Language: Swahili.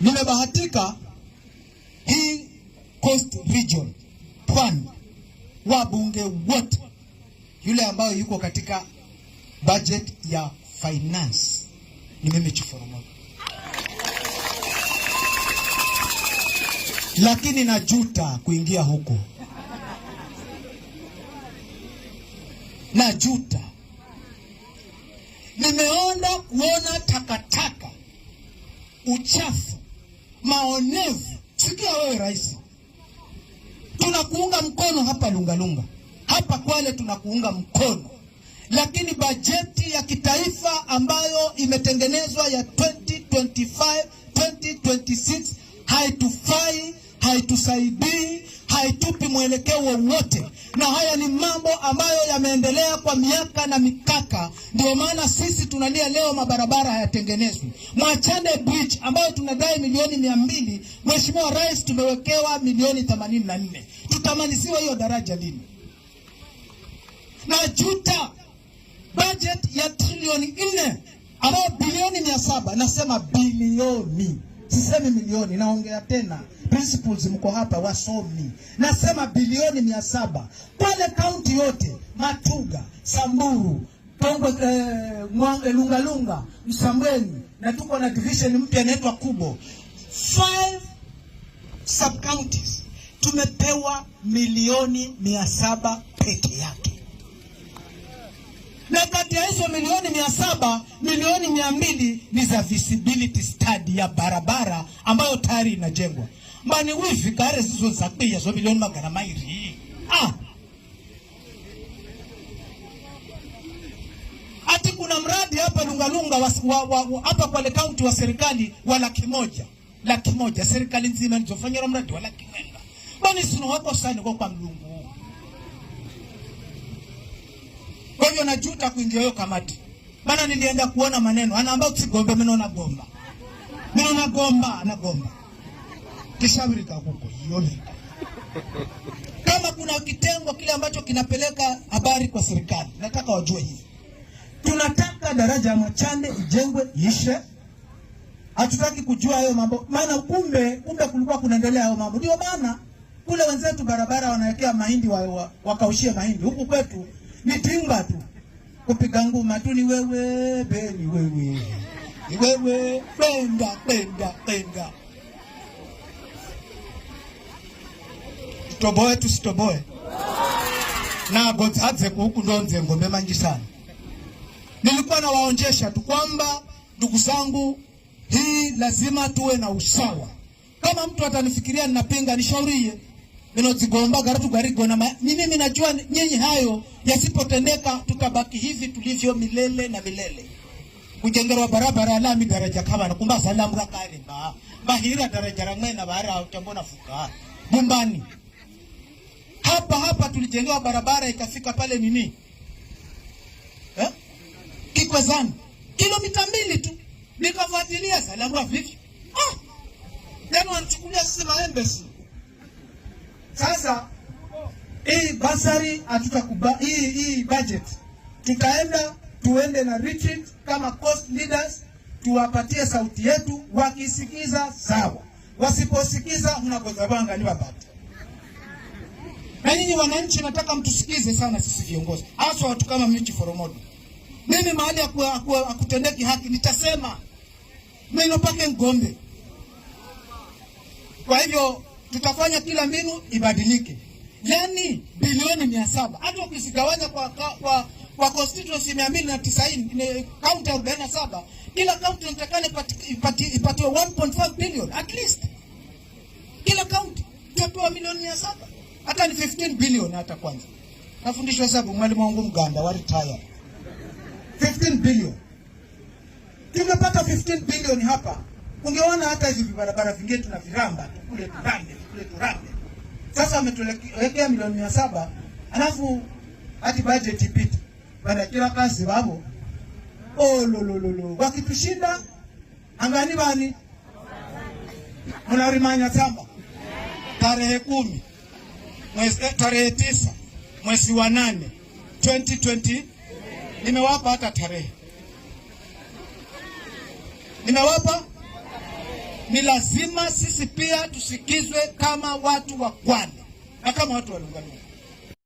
Nimebahatika hii Coast Region Pwani, wabunge wote, yule ambayo yuko katika budget ya finance ni mimi Chiforomoka, lakini najuta kuingia huko, najuta nimeona kuona takataka, uchafu maonevu. Sikia wewe rais, tunakuunga mkono hapa Lungalunga, hapa Kwale tunakuunga mkono, lakini bajeti ya kitaifa ambayo imetengenezwa ya 2025 2026 haitufai, haitusaidii haitupi mwelekeo wowote, na haya ni mambo ambayo yameendelea kwa miaka na mikaka. Ndio maana sisi tunalia leo, mabarabara hayatengenezwi. Mwachane bridge ambayo tunadai milioni mia mbili, Mheshimiwa Rais tumewekewa milioni 84. Tutamaliziwa hiyo daraja lini? Na juta budget ya trilioni 4 ambayo bilioni mia saba, nasema bilioni sisemi milioni, naongea tena principles, mko hapa wasomi, nasema bilioni mia saba pale kaunti yote Matuga, Samburu, Tongwe, eh, eh Lungalunga, Msambweni na tuko na division mpya inaitwa Kubo, five sub counties tumepewa milioni mia saba peke yake na kati ya hizo milioni mia saba milioni mia mbili ni za visibility study ya barabara ambayo tayari inajengwa mani wifikare zizo zakuiya zo milioni magana mairi ah. Ati kuna mradi hapa Lungalunga hapa Kwale kaunti wa serikali wa laki moja laki moja serikali nzima nizofanyira mradi wa laki mwenga bani sino wako sani kwa kwa mlungu Kwa hivyo najuta kuingia hiyo kamati. Bana nilienda kuona maneno. Anaambia usigombe mimi naona gomba. Mimi naona gomba, na gomba. Kishauri ka huko yoni. Kama kuna kitengo kile ambacho kinapeleka habari kwa serikali, nataka wajue hivi. Tunataka daraja ya Machande ijengwe ishe. Hatutaki kujua hayo mambo. Maana kumbe kumbe kulikuwa kunaendelea hayo mambo. Ndio maana kule wenzetu barabara wanawekea mahindi wa, wa, wakaushie mahindi. Huku kwetu ni timba tu, kupiga nguma tu, ni wewe Beni, wewe ni wewe penda penda penda, tutoboe tusitoboe nabo dzadze kuku ndonze ngome manji sana. Nilikuwa nawaonjesha tu kwamba ndugu zangu, hii lazima tuwe na usawa. Kama mtu atanifikiria ninapinga, nishaurie minozigombaga ara tugarigona mimi minajua nyinyi hayo yasipotendeka tukabaki hivi tulivyo milele na milele kujengerwa barabara lami daraja kama na kumba salamu ba bahira daraja mwena bara uchambo na fuka bumbani hapa hapa tulijengewa barabara ikafika pale nini eh? Kikwezani kilomita mbili tu nikafuatilia salamu rafiki ah, yani wanachukulia sisi maembe si basari hatutakubali hii hii budget. Tutaenda tuende na retreat kama coast leaders, tuwapatie sauti yetu, wakisikiza sawa, wasiposikiza mnakozabanga ni wabati. Na nyinyi wananchi, nataka mtusikize sana sisi viongozi, hasa watu kama Michi Foromodo. Mimi mahali akutendeki haki nitasema neno pake ngombe. Kwa hivyo tutafanya kila mbinu ibadilike yani bilioni mia saba hata ukizigawanya kwa, kwa, kwa constituency mia mbili na tisaini kaunti arobaini na saba kila kaunti inatakana ipatiwe 1.5 billion at least, kila kaunti tapewa milioni mia saba hata ni 15 billion. Hata kwanza nafundishwa hesabu mwalimu wangu Mganda wa retire 15 billion, tumepata 15 billion hapa. Ungeona hata hivi vibarabara vingine tuna viramba tukule turambe tukule turambe sasa ametuwekea milioni mia saba alafu hati budget ipite bana kila kazi babo oh, lolololo wakitushinda angani bani mnarimanya samba tarehe kumi mwezi eh, tarehe tisa mwezi wa nane 2020 nimewapa hata tarehe nimewapa ni lazima sisi pia tusikizwe kama watu wa kwani na kama watu wa Lungalunga.